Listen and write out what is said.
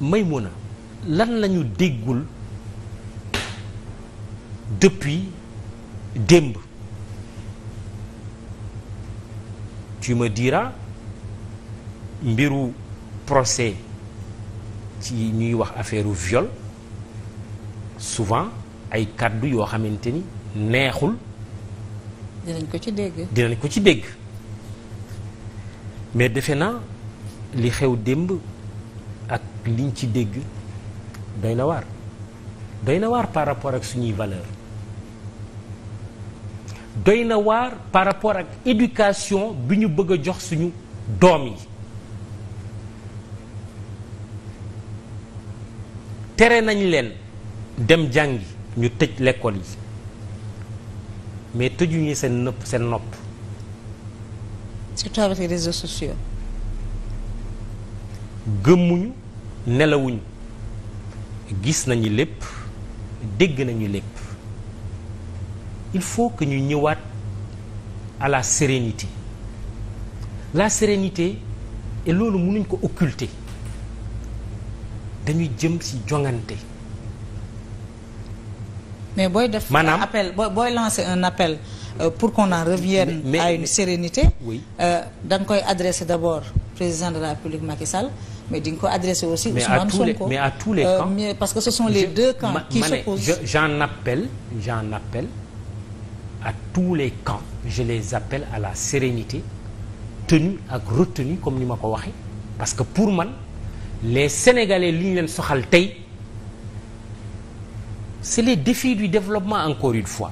Maïmouna lan lañu déggul depuis démb tu me mbiru procès ci ñuy wax affaire u viol souvent ay kàddu yoo xamante ni neexul dinañ ko ci dinañ ko ci dégg mais defe naa li xew démb ak liñ ci dégg doy na waar doy na waar par rapport ak suñuy valeur doy na waar par rapport ak éducation bi ñu bëgg a jox suñu doom yi tere nañ leen dem jàngi ñu tëj lekkool yi mais tëjuñu seen nëpp seen nopp surtout avec les réseaux sociaux gëmmuñu nelawuñu gis nañu lépp dégg nañu lépp il faut que ñu ñëwaat à la sérénité la sérénité et loolu mënuñ ko occulter dañuy jëm ci jongante. mais booy def. maanaam appel booy booy lancer un appel euh, pour qu'on en revienne. Mais, à une sérénité. oui euh, da nga koy adresser d'abord. président de la République Macky Sall mais di nga ko adressé aussi Ousmane Sonko mais à tous les euh, camps mais parce que ce sont les deux camps qui s'opposent j'en appelle j'en appelle à tous les camps je les appelle à la sérénité tenue ak retenue comme ni ma ko waxee parce que pour man les Sénégalais li ñu leen soxal tey c'est les défis du développement encore une fois